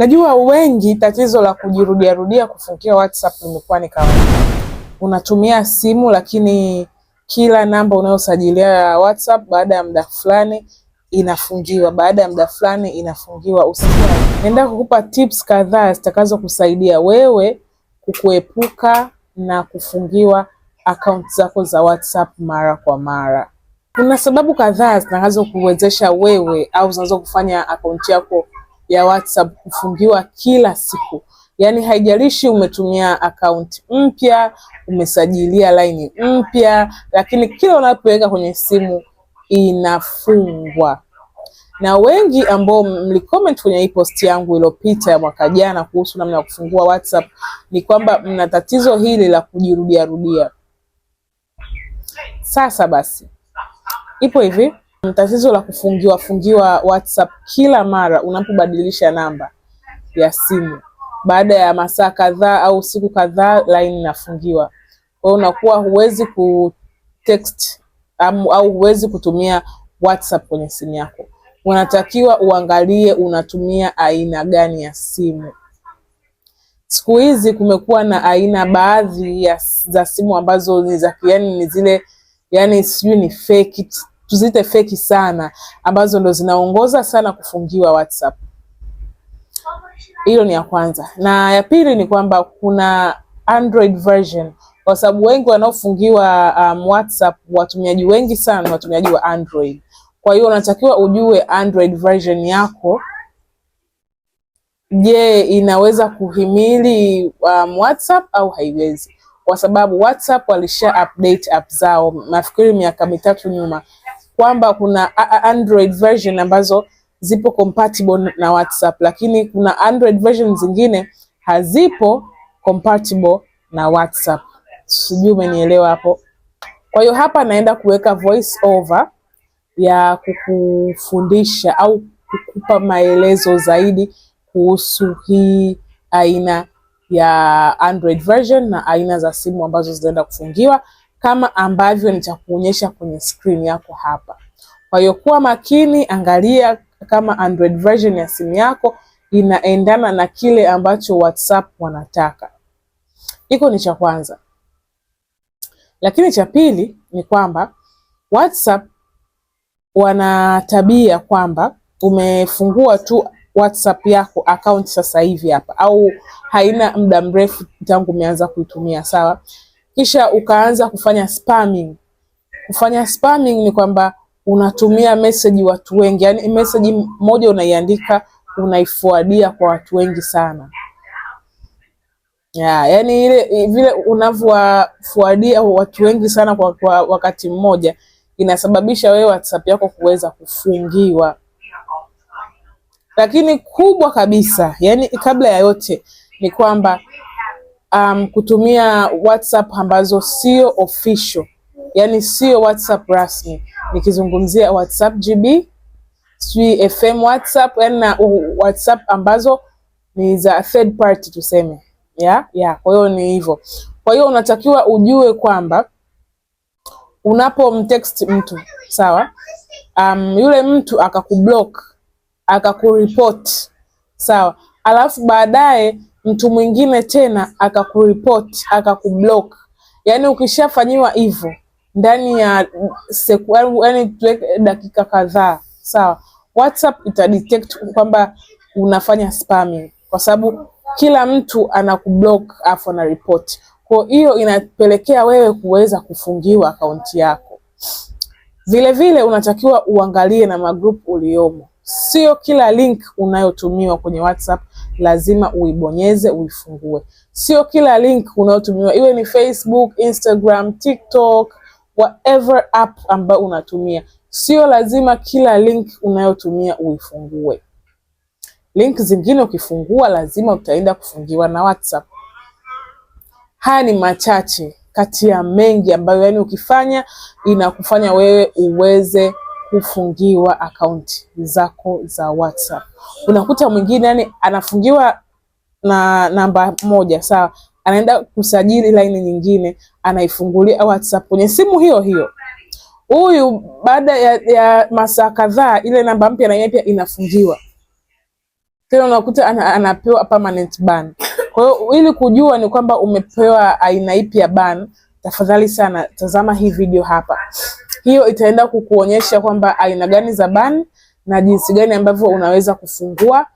Najua wengi tatizo la kujirudiarudia kufungia WhatsApp limekuwa ni kawaida. Unatumia simu lakini kila namba unayosajilia ya WhatsApp baada ya muda fulani inafungiwa, baada ya muda fulani inafungiwa. Usijali, naenda kukupa tips kadhaa zitakazo kusaidia wewe kukuepuka na kufungiwa akaunti zako za WhatsApp mara kwa mara. Kuna sababu kadhaa zitakazo kuwezesha wewe au zinazokufanya kufanya akaunti yako ya WhatsApp kufungiwa kila siku. Yaani haijalishi umetumia akaunti mpya, umesajilia laini mpya, lakini kila unapoweka kwenye simu inafungwa. Na wengi ambao mlicomment kwenye hii post yangu iliyopita ya mwaka jana kuhusu namna ya kufungua WhatsApp ni kwamba mna tatizo hili la kujirudiarudia. Sasa basi, ipo hivi. Tatizo la kufungiwa fungiwa WhatsApp kila mara unapobadilisha namba ya simu, baada ya masaa kadhaa au siku kadhaa line inafungiwa. Kwa hiyo unakuwa huwezi ku text au, au huwezi kutumia WhatsApp kwenye simu yako. Unatakiwa uangalie unatumia aina gani ya simu. Siku hizi kumekuwa na aina baadhi ya za simu ambazo ni za yani, ni zile yani sijui ni fake tuzite feki sana, ambazo ndo zinaongoza sana kufungiwa WhatsApp. Hilo ni ya kwanza, na ya pili ni kwamba kuna Android version kwa sababu wengi wanaofungiwa um, WhatsApp watumiaji wengi sana watumiaji wa Android. Kwa hiyo unatakiwa ujue Android version yako, je, inaweza kuhimili um, WhatsApp au haiwezi? Kwa sababu WhatsApp walisha update app zao, nafikiri miaka mitatu nyuma kwamba kuna Android version ambazo zipo compatible na WhatsApp, lakini kuna Android version zingine hazipo compatible na WhatsApp. Sijui umenielewa hapo. Kwa hiyo hapa naenda kuweka voice over ya kukufundisha au kukupa maelezo zaidi kuhusu hii aina ya Android version na aina za simu ambazo zinaenda kufungiwa kama ambavyo nitakuonyesha kwenye screen yako hapa. Kwa hiyo kuwa makini, angalia kama Android version ya simu yako inaendana na kile ambacho WhatsApp wanataka. Iko ni cha kwanza, lakini cha pili ni kwamba WhatsApp wana tabia kwamba umefungua tu WhatsApp yako account sasa hivi hapa, au haina muda mrefu tangu umeanza kuitumia, sawa kisha ukaanza kufanya spamming. Kufanya spamming ni kwamba unatumia message watu wengi, yani message moja unaiandika unaifuadia kwa watu wengi sana ya, yani ile vile unavyowafuadia watu wengi sana kwa, kwa wakati mmoja inasababisha wewe WhatsApp yako kuweza kufungiwa. Lakini kubwa kabisa, yani kabla ya yote ni kwamba um, kutumia WhatsApp ambazo sio official, yani sio WhatsApp rasmi, nikizungumzia WhatsApp GB, sui FM WhatsApp, yani na WhatsApp ambazo ni za third party tuseme, yeah? Yeah, kwa hiyo ni hivyo. Kwa hiyo unatakiwa ujue kwamba unapomtext mtu sawa, um, yule mtu akakublock akakureport sawa, alafu baadaye mtu mwingine tena akakuripoti akakublock. yani ukishafanyiwa hivyo ndani ya seku, yani dakika kadhaa sawa, WhatsApp itadetect kwamba unafanya spamming, kwa sababu kila mtu anakublock afu ana report. Kwa hiyo inapelekea wewe kuweza kufungiwa akaunti yako. Vilevile unatakiwa uangalie na magrupu uliyomo Sio kila link unayotumiwa kwenye WhatsApp lazima uibonyeze, uifungue. Sio kila link unayotumiwa, iwe ni Facebook, Instagram, TikTok, whatever app ambayo unatumia, sio lazima kila link unayotumia uifungue. Link zingine ukifungua, lazima utaenda kufungiwa na WhatsApp. Haya ni machache kati ya mengi ambayo, yani, ukifanya inakufanya wewe uweze kufungiwa akaunti zako za WhatsApp. Unakuta mwingine yani anafungiwa na namba moja, sawa, anaenda kusajili laini nyingine, anaifungulia WhatsApp kwenye simu hiyo hiyo. Huyu baada ya, ya masaa kadhaa, ile namba mpya na yeye pia inafungiwa tena, unakuta ana, anapewa permanent ban. Kwa hiyo ili kujua ni kwamba umepewa aina ipi ya ban, tafadhali sana tazama hii video hapa. Hiyo itaenda kukuonyesha kwamba aina gani za ban na jinsi gani ambavyo unaweza kufungua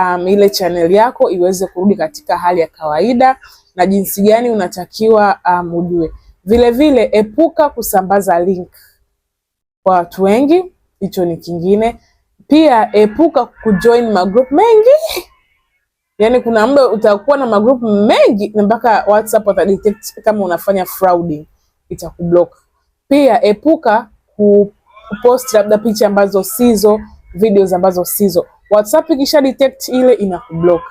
um, ile channel yako iweze kurudi katika hali ya kawaida na jinsi gani unatakiwa um, ujue. Vile vile epuka kusambaza link kwa watu wengi, hicho ni kingine. Pia epuka kujoin magroup mengi Yaani kuna muda utakuwa na magroup mengi na mpaka WhatsApp watadetect kama unafanya frauding, itakublock. Pia epuka kupost labda picha ambazo sizo, videos ambazo sizo. WhatsApp ikisha detect ile inakublock.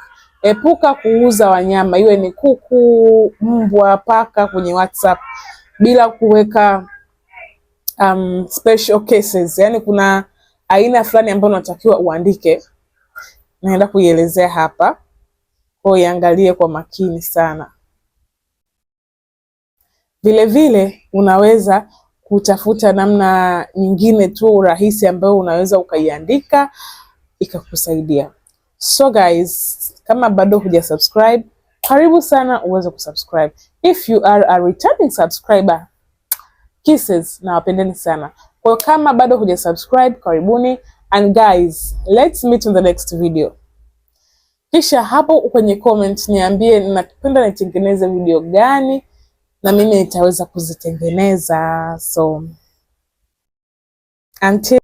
Epuka kuuza wanyama, iwe ni kuku, mbwa, paka kwenye WhatsApp bila kuweka um, special cases. Yani kuna aina fulani ambayo unatakiwa uandike, naenda kuielezea hapa kwa iangalie kwa makini sana. Vilevile unaweza kutafuta namna nyingine tu rahisi ambayo unaweza ukaiandika ikakusaidia. So guys, kama bado huja subscribe, karibu sana uweze kusubscribe. If you are a returning subscriber, kisses na wapendeni sana. Kwa kama bado huja subscribe, karibuni and guys, let's meet in the next video. Kisha hapo kwenye comment niambie, napenda nitengeneze video gani na mimi nitaweza kuzitengeneza so until